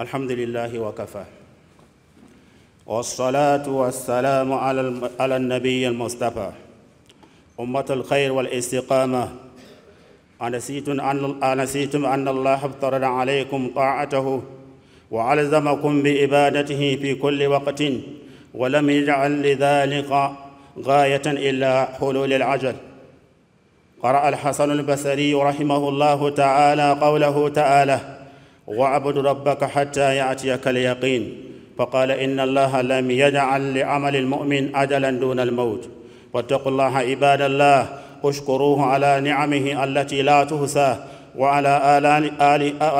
الحمد لله وكفى والصلاة والسلام على على النبي المصطفى أمة الخير والاستقامة أنسيتم أن أنسيتم أن الله افترض عليكم طاعته وألزمكم بعبادته في كل وقت ولم يجعل لذلك غاية إلا حلول العجل قرأ الحسن البصري رحمه الله تعالى قوله تعالى واعبد ربك حتى ياتيك اليقين فقال ان الله لم يجعل لعمل المؤمن اجلا دون الموت واتقوا الله عباد الله اشكروه على نعمه التي لا تهسى وعلى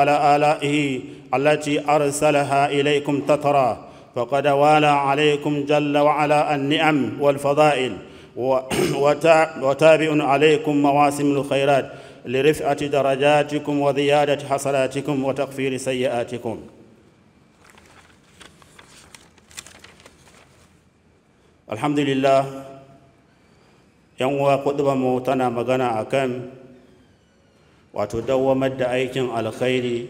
آلائه التي أرسلها إليكم تترى فقد والى عليكم جل وعلا النعم والفضائل وتابع عليكم مواسم الخيرات لرفعة درجاتكم وزيادة حصلاتكم وتغفير سيئاتكم الحمد لله yanwa mu tana magana a kan wato dawamar da aikin alkhairi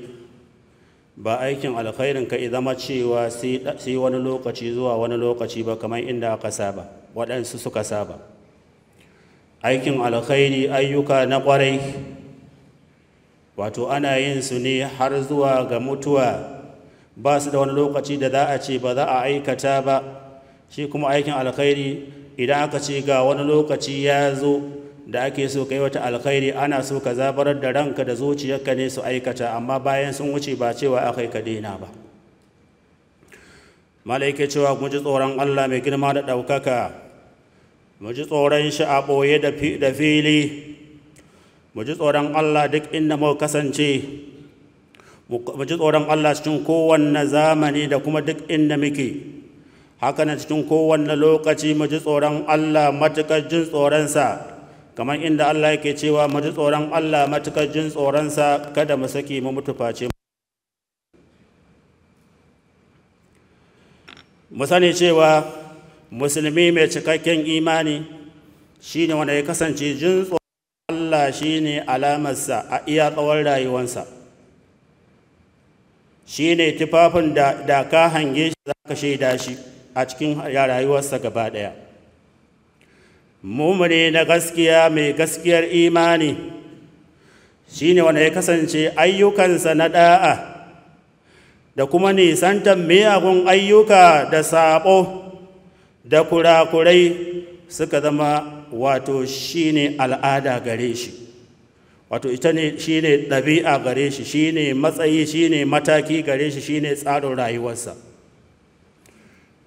ba aikin alkhairin ka zama cewa sai wani lokaci zuwa wani lokaci ba kamar inda aka saba waɗansu suka saba aikin alkhairi ayyuka na ƙwarai wato ana yin su ne har zuwa ga mutuwa ba su da wani lokaci da za a ce ba za a aikata ba shi kuma aikin alkhairi idan aka ce ga wani lokaci ya zo da ake so kai wata alkhairi ana so ka zabarar da ranka da zuciyarka ne su aikata amma bayan sun wuce ba cewa akai ka daina ba malaike cewa mu ji tsoron Allah mai girma da ɗaukaka mu ji tsoron shi a ɓoye da fili mu ji tsoron Allah duk inda mu kasance mu ji tsoron Allah cikin kowanne zamani da kuma duk inda muke haka na cikin kowanne lokaci mu ji tsoron Allah matukar jin tsoronsa kamar inda Allah yake cewa mu ji tsoron Allah matukar jin tsoronsa kada mu saki mu mutu face mu sani cewa musulmi mai cikakken imani shine wanda ya kasance jin tsoron Allah shi ne alamarsa a iya tsawon rayuwansa shi ne tufafin da ka hange shi za ka shaida shi a cikin rayuwarsa gaba ɗaya mumune na gaskiya mai gaskiyar imani shi ne wanda ya kasance ayyukansa na ɗa'a da kuma nisantar miyagun ayyuka da saɓo da kurakurai suka zama wato shi ne al'ada gare shi wato ita ne shi ne ɗabi'a gare shi ne matsayi Shi ne mataki gare shi ne tsarin rayuwarsa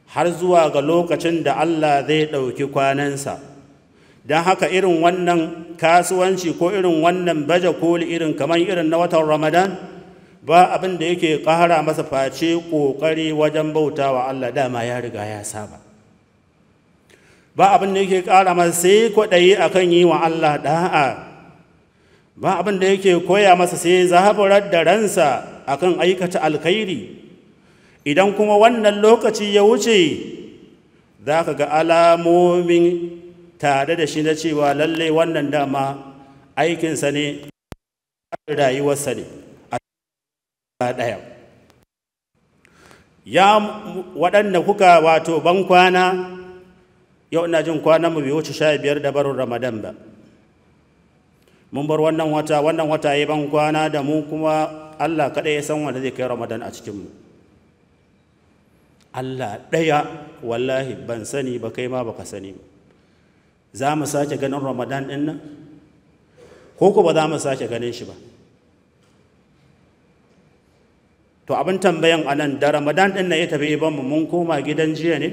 har zuwa ga lokacin da Allah zai ɗauki kwanansa don haka irin wannan kasuwanci ko irin wannan baje koli irin kamar irin na watan ramadan ba abin da yake ƙara masa face ƙoƙari wajen bautawa Allah dama ya riga ya saba ba abin da yake ƙara masa sai kwaɗayi a kan yi wa Allah ɗa'a ba abin da yake koya masa sai zaburar da ransa a kan aikata alkhairi idan kuma wannan lokaci ya wuce za ka ga alamomin tare da shi na cewa lallai wannan dama aikinsa ne rayuwarsa ne a ɗaya ya waɗanda kuka wato bankwana yau ina jin kwanan mu bai wuce sha biyar da barin ramadan ba mun bar wannan wata wannan wata ya ban kwana da mu kuma allah kaɗai ya san wanda zai kai ramadan a cikinmu allah ɗaya wallahi ban sani ba kai ma baka sani ba za mu sake ganin ramadan ɗin nan ko ko ba za mu sake ganin shi ba to abin tambayan a nan da ramadan ɗin nan ya tafi ibanmu mun koma gidan jiya ne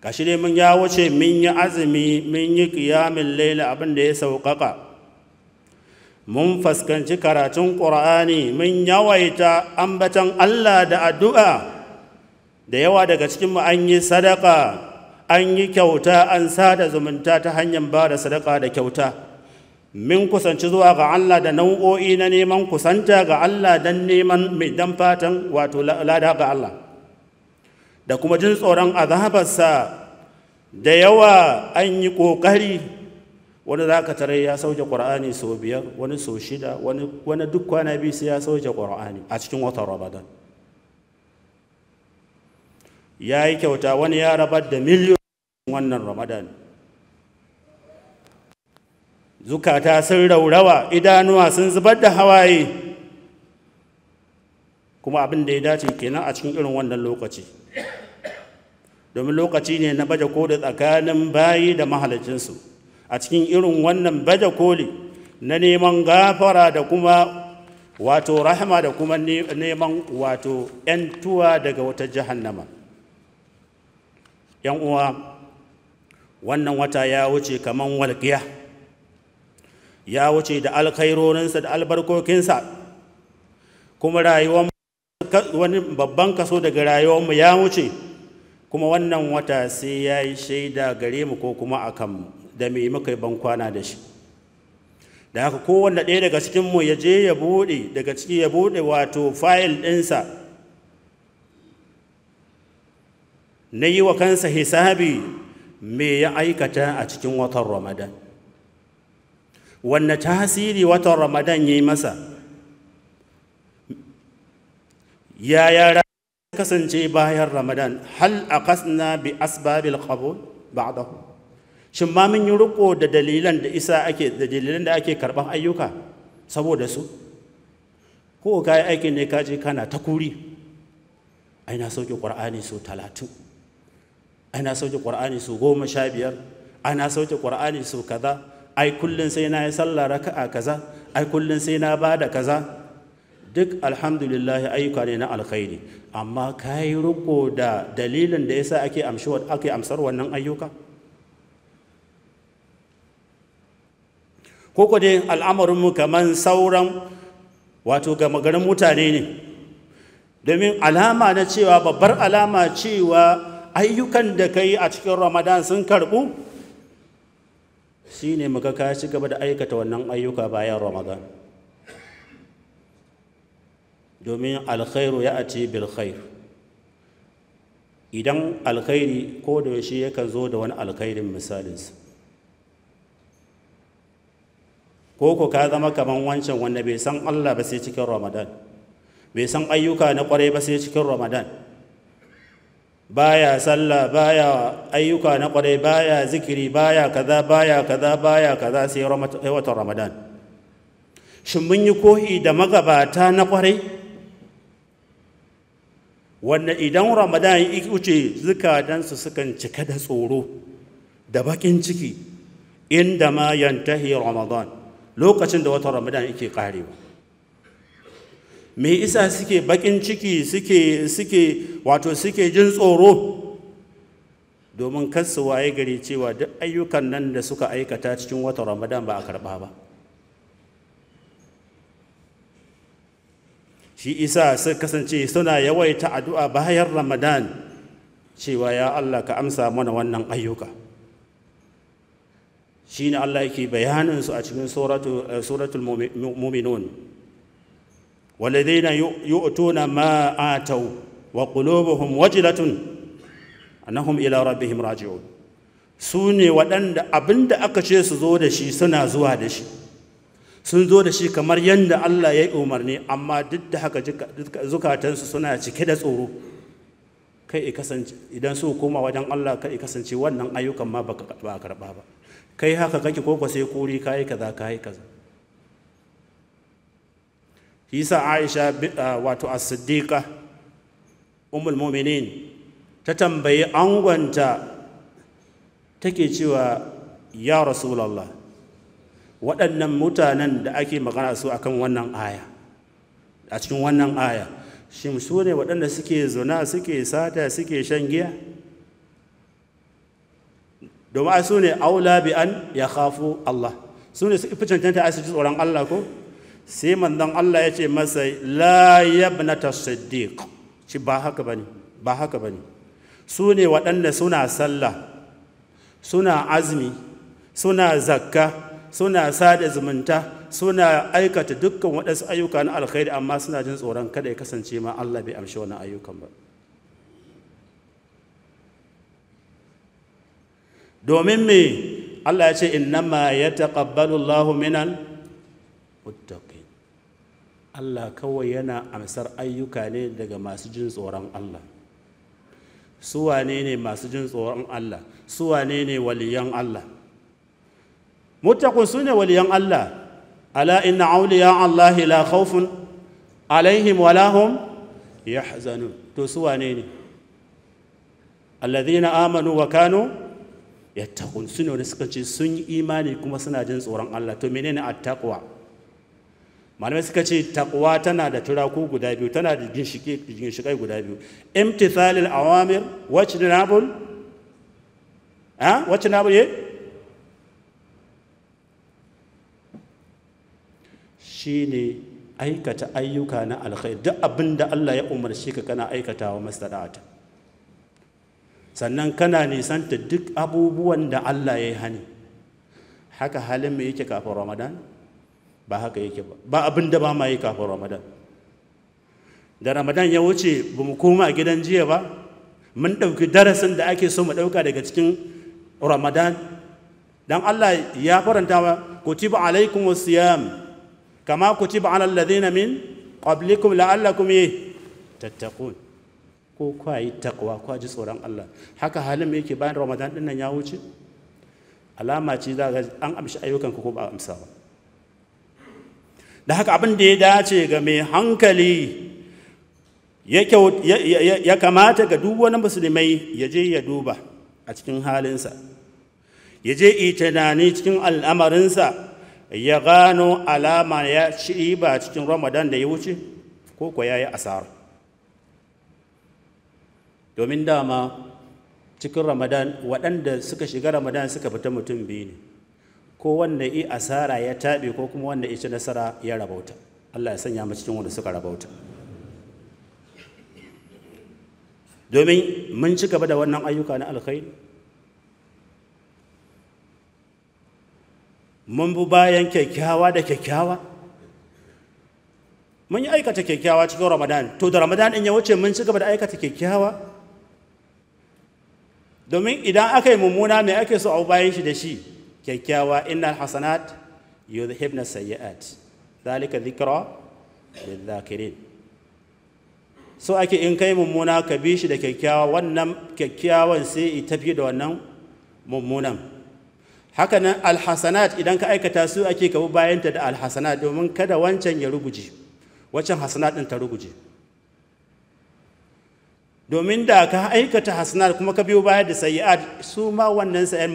gashi dai mun ya wuce mun yi azumi mun yi ƙiyamin laila abin da ya sauƙaƙa mun fuskanci karatun ƙura'ani mun yawaita ambatan allah da addu'a da yawa daga cikinmu an yi sadaka an yi kyauta an sada zumunta ta hanyar ba da sadaka da kyauta min kusanci zuwa ga allah da nau'o'i na neman kusanta ga allah don neman mai dan fatan wato lada ga allah da kuma jin tsoron azabarsa da yawa an yi ƙoƙari wani za ka tare ya sauke ƙur'ani sau biyar wani sau shida wani duk kwana biyu sai ya sauke ƙur'ani a cikin watan ramadan ya yi kyauta wani ya rabar da miliyoyin wannan ramadan zukata sun raurawa idanuwa sun zubar da hawaye kuma abin da ya dace kenan a cikin irin wannan lokaci domin lokaci ne na baje koli tsakanin bayi da mahalicinsu a cikin irin wannan baje koli na neman gafara da kuma wato rahama da kuma neman wato 'yan tuwa daga wata jahannama ‘yan uwa wannan wata ya wuce kaman walƙiya ya wuce da alkhairorinsa da albarkokinsa kuma rayuwar wani babban kaso daga rayuwarmu ya wuce kuma wannan wata sai ya yi shaida gare mu ko kuma a kan da me muka yi bankwana da shi da haka kowanne ɗaya daga cikinmu ya je ya buɗe daga ciki ya buɗe wato fayil ɗinsa na yi wa kansa hisabi me ya aikata a cikin watan ramadan wanne tasiri watan ramadan ya yi masa ya yara kasance bayan ramadan hal kasna bi asbabil qabul ba'dahu shin ma mun yi riko da dalilan da isa ake da dalilan da ake karban ayyuka saboda su ko kai aikin ne kaje kana ta kuri ai na sauke qur'ani su talatin? ai na sauke goma sha biyar? A na sauke qur'ani su kaza ai kullun sai na yi sallah raka'a kaza ai kullun sai na bada kaza duk alhamdulillah ayyuka ne na alkhairi amma ka yi riko da dalilin da yasa sa ake amsar wannan ayyuka ko ko dai al'amarinmu kamar sauran wato gama garin mutane ne domin alama na cewa babbar alama cewa ayyukan da ka yi a cikin ramadan sun karɓu shine muka ka ci gaba da aikata wannan ayyuka bayan ramadan domin alkhairu ya ati bil khair idan alkhairi ko da yaushe yakan zo da wani alkhairin misalinsa ko ko ka zama kaman wancan wanda bai san Allah ba sai cikin Ramadan bai san ayyuka na kwarai ba sai cikin Ramadan baya sallah baya ayyuka na kwarai baya zikiri baya kaza baya kaza baya kaza sai watan ramadan shin mun yi kohi da magabata na kwarai wanda idan ramadan ya wuce zukatansu sukan cika da tsoro da bakin ciki inda ma yantahi ramadan lokacin da watan ramadan yake karewa me isa suke bakin ciki suke suke wato suke jin tsoro domin kasuwa ya gari cewa duk ayyukan nan da suka aikata cikin watan ramadan ba a karba ba shi isa sai kasance suna yawaita addu'a bayan ramadan cewa ya allah ka amsa mana wannan ayyuka shi ne allah yake bayaninsu a cikin eh, suratul muminun والذين يؤتون ما آتوا وقلوبهم وجلة أنهم إلى ربهم راجعون su ne waɗanda abinda aka ce su zo da shi suna zuwa da shi sun zo da shi kamar yadda Allah ya yi umarni amma duk da haka zukatansu suna cike da tsoro kai kasance idan su koma wajen Allah kai kasance wannan ayyukan ma ba a karɓa ba kai haka kake koko sai kuri kayi kaza kayi kaza yasa Aisha wato as-siddiqa ummul mu'minin ta tambayi angonta take cewa ya rasulullah waɗannan mutanen da ake magana su akan wannan aya a cikin wannan aya shi su ne waɗanda suke zuna suke sata suke shan giya domin su ne aula bi an ya khafu Allah su ne su fi cancanta a cikin tsoron Allah ko sai manzon Allah ya ce masa la yabnata siddiq shi ba haka bane ba haka bane su ne waɗanda suna sallah suna azumi suna zakka suna sada zumunta suna aikata dukkan waɗansu ayyuka na alkhairi amma suna jin tsoron kada ya kasance ma Allah bai amshi wannan ayyukan ba domin me Allah ya ce innama ya taƙabbalu Allah minan Allah kawai yana amsar ayyuka ne daga masu jin tsoron Allah suwa ne ne masu jin tsoron Allah suwa ne ne waliyan Allah muttaqun sune waliyan Allah ala inna awliya Allah la khawfun alaihim wa lahum yahzanun to su wane ne alladhina amanu wa kanu yattaqun sune wanda suka ce sun yi imani kuma suna jin tsoron Allah to menene attaqwa malamai suka ce taqwa tana da turaku guda biyu tana da ginshikai guda biyu imtithalil awamir wajtinabul ha wajtinabul eh ne aikata ayyuka na alkhair duk abin da Allah ya umarci ka kana aikatawa masada'ata sannan kana nisanta duk abubuwan da Allah ya yi hani haka halin mai yake kafin ramadan ba haka yake ba ba abin da ba ma yi kafin ramadan da ramadan ya wuce ba mu koma gidan jiya ba mun ɗauki darasin da ake so mu ɗauka daga cikin ramadan don allah ya faranta wa kutiba alaikum wasiyam kama kutiba ala alladhina min qablikum la'allakum tattaqun ko kwa yi takwa kwa ji tsoron Allah haka halin yake bayan Ramadan din nan ya wuce alama ce za ga an amshi ayyukan ko ba amsa ba da haka abin da ya dace ga mai hankali ya kamata ga duk wani musulmai ya je ya duba a cikin halinsa ya je itinani cikin al'amarinsa ya gano alama ya ci ba cikin ramadan da ya wuce ko kuwa ya yi asara domin dama cikin ramadan waɗanda suka shiga ramadan suka fita mutum biyu ne ko wanda yi asara ya taɓe ko kuma wanda ci nasara ya rabauta allah ya sanya mu cikin wanda suka rabauta domin mun ci gaba da wannan ayyuka na alkhairi mun bi bayan kyakkyawa da kyakkyawa mun yi aikata kyakkyawa cikin ramadan to da ramadan in ya wuce mun ci gaba da aikata kyakkyawa domin idan aka yi mummuna mai ake so a bayan shi da shi kyakkyawa inna hasanat yuzhibna sayyi'at zalika dhikra lidh zakirin so ake in kai mummuna ka bi shi da kyakkyawa wannan kyakkyawan sai i tafi da wannan mummunan hakanan alhasanat idan ka aikata su ake kabu bayanta da alhasanat domin kada wancan ya ruguje wancan hasanat ɗin ta ruguje domin da ka aikata hasanat kuma ka biyo baya da sayi'at su ma wannan sayan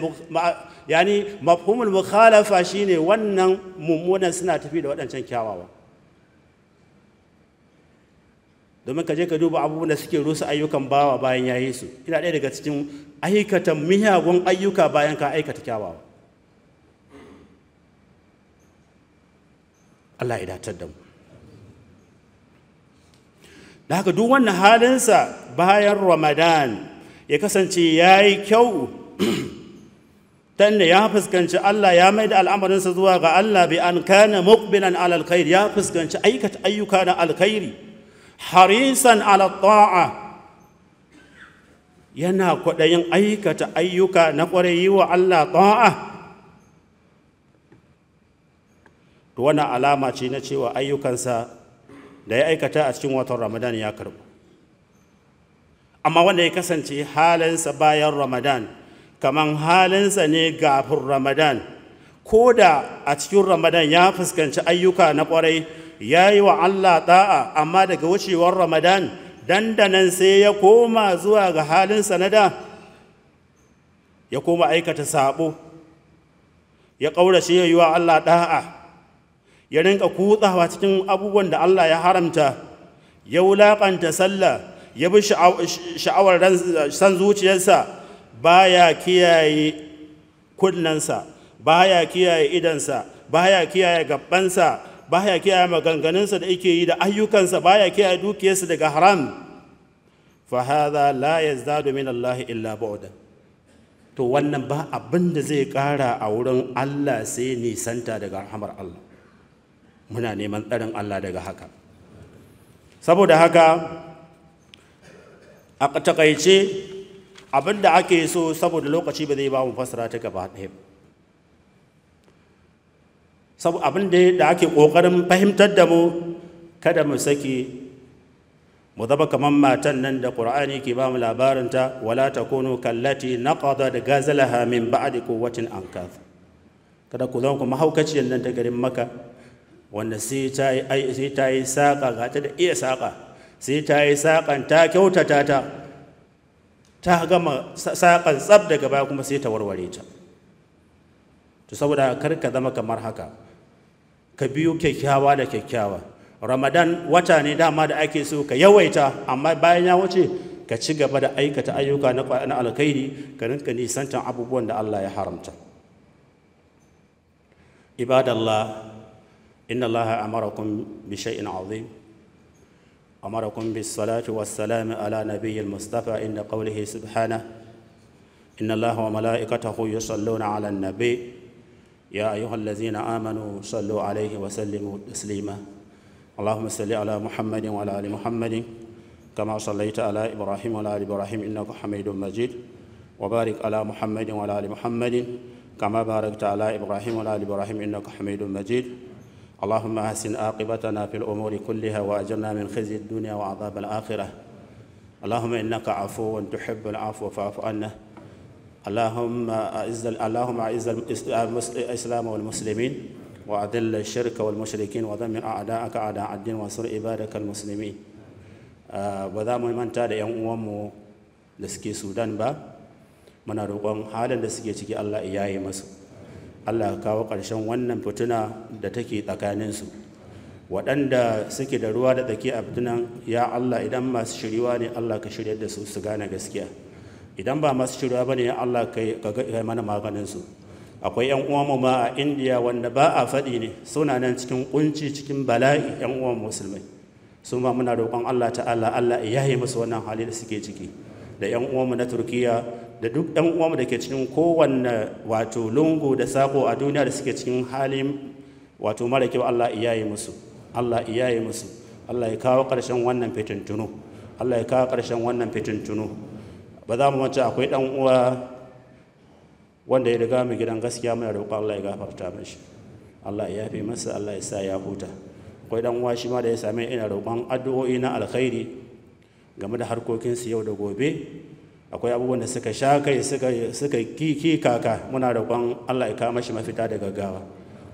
yani mafhumul mukhalafa shine wannan mummunan suna tafi da wadancan kyawawa domin ka je ka duba abubuwan da suke rusa ayyukan bawa bayan yayi su ina ɗaya daga cikin aikata miyagun ayyuka bayan ka aikata kyawawa Allah ya datar da mu da haka duk wannan halinsa bayan ramadan ya kasance ya yi kyau tanda ya fuskanci Allah ya mai da al'amarinsa zuwa ga Allah bi an kana muqbilan ala alkhairi ya fuskanci aikata ayyuka na alkhairi harisan ala ta'a yana kwaɗayin aikata ayyuka na ƙwarai wa Allah ta'a to wannan alama ce na cewa ayyukansa da ya aikata a cikin watan ramadan ya karbu amma wanda ya kasance halinsa bayan ramadan kamar halinsa ne gafin ramadan ko da a cikin ramadan ya fuskanci ayyuka na kwarai ya yi wa allah ɗa'a amma daga wucewar ramadan dandanan sai ya koma zuwa ga halinsa na da ya koma aikata sabo ya ƙaurace ya yi wa allah ɗa'a ya rinka kutsa wa cikin abubuwan da Allah ya haramta ya wulaƙanta sallah ya bi sha'awar san zuciyarsa ya kiyaye kunnensa ya kiyaye idansa ba ya kiyaye gabansa ya kiyaye maganganunsa da ake yi da ayyukansa ba ya kiyaye dukiyarsa daga haram fa hadha la yazdadu domin Allah illa ba'da to wannan ba abin da zai ƙara a wurin Allah sai nisanta daga rahamar Allah muna neman tsarin Allah daga haka saboda haka a takaice abinda ake so saboda lokaci ba zai ba mu fasara ta gaba ɗaya abinda da ake ƙoƙarin fahimtar da mu kada mu saki mu zama kamar matan nan da ƙura'ani ke ba mu labarinta wala ta kono kallati na ƙada da gazalaha min da kowacin an kada ku zama kuma haukaciyar nan ta garin maka wanda sai ta yi saƙa ga ta da iya saƙa sai ta yi saƙan ta kyautata ta ta gama saƙan tsab daga baya kuma sai ta warware ta to saboda kar ka zama kamar haka ka biyu kyakkyawa da kyakkyawa ramadan wata ne dama da ake so ka yawaita amma bayan ya wuce ka ci gaba da aikata ayyuka na alkhairi ka rinka nisantan abubuwan da allah ya haramta ibadallah إن الله أمركم بشيء عظيم أمركم بالصلاة والسلام على نبي المصطفى إن قوله سبحانه إن الله وملائكته يصلون على النبي يا أيها الذين آمنوا صلوا عليه وسلموا تسليما اللهم صل على محمد وعلى آل محمد كما صليت على إبراهيم وعلى آل إبراهيم إنك حميد مجيد وبارك على محمد وعلى آل محمد كما باركت على إبراهيم وعلى آل إبراهيم إنك حميد مجيد اللهم احسن عاقبتنا في الامور كلها واجرنا من خزي الدنيا وعذاب الاخره اللهم انك عفو تحب العفو فاعف عنا اللهم اعز اللهم اعز الاسلام والمسلمين واذل الشرك والمشركين ودمر اعداءك اعداء الدين وانصر عبادك المسلمين آه، وذا za mu manta da لسكي سودان با من sudan ba muna roƙon الله da suke Allah ka kawo ƙarshen wannan fituna da take tsakaninsu waɗanda suke da ruwa da tsaki a fitunan ya Allah idan masu shiriwa ne Allah ka shirya da su su gane gaskiya idan ba masu shiriwa ba ne ya Allah ka yi mana maganinsu akwai 'yan uwanmu ma a indiya wanda ba a faɗi ne suna nan cikin kunci cikin bala'i 'yan uwan musulmai su ma muna roƙon allah ta'ala allah ya yi musu wannan hali da suke ciki da 'yan uwanmu na turkiya da duk ɗan uwanmu da ke cikin kowanne wato lungu da sako a duniya da suke cikin halin wato mara kyau Allah iyaye musu Allah iyaye musu Allah ya kawo ƙarshen wannan fitintunu Allah ya kawo ƙarshen wannan fitintunu ba za mu mace akwai ɗan uwa wanda ya riga mu gidan gaskiya muna roƙo Allah ya gafarta mashi Allah ya yafe masa Allah ya sa ya huta akwai ɗan uwa shi ma da ya same ina roƙon addu'o'i na alkhairi game da harkokinsu yau da gobe akwai abubuwan da suka sha kai suka ki kaka muna roƙon Allah ya kawo mashi mafita da gaggawa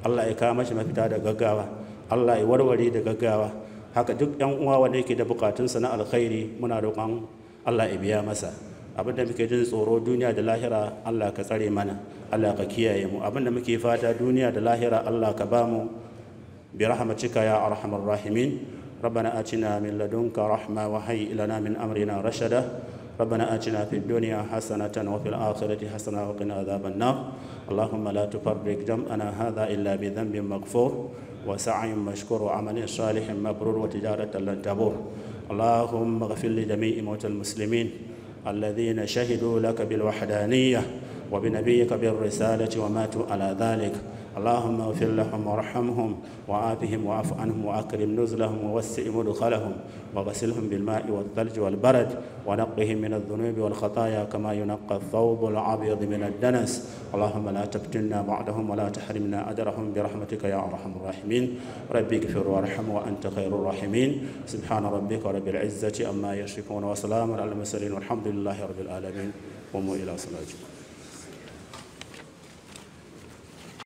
Allah ya kawo mashi mafita da gaggawa Allah ya warware da gaggawa haka duk ɗan uwa wanda yake da bukatunsa na alkhairi muna roƙon Allah ya biya masa abin da muke jin tsoro duniya da lahira Allah ka tsare mana Allah ka kiyaye mu abin da muke fata duniya da lahira Allah ka ba mu bi rahmatika ya arhamar rahimin ربنا آتنا من لدنك رحمة وهيئ لنا من أمرنا رشدا ربنا آتنا في الدنيا حسنة وفي الآخرة حسنة وقنا عذاب النار اللهم لا تفرق جمعنا هذا إلا بذنب مغفور وسعي مشكور وعمل صالح مبرور وتجارة لن تبور اللهم اغفر لجميع موتى المسلمين الذين شهدوا لك بالوحدانية وبنبيك بالرسالة وماتوا على ذلك اللهم اغفر لهم وارحمهم وآتهم واعف عنهم وأكرم نزلهم ووسع مدخلهم وغسلهم بالماء والثلج والبرد ونقهم من الذنوب والخطايا كما ينقى الثوب العبيض من الدنس اللهم لا تفتنا بعدهم ولا تحرمنا أجرهم برحمتك يا أرحم الراحمين ربي اغفر وارحم وأنت خير الراحمين سبحان ربك رب العزة أما يشركون وسلام على المرسلين والحمد لله رب العالمين قوموا إلى صلاتكم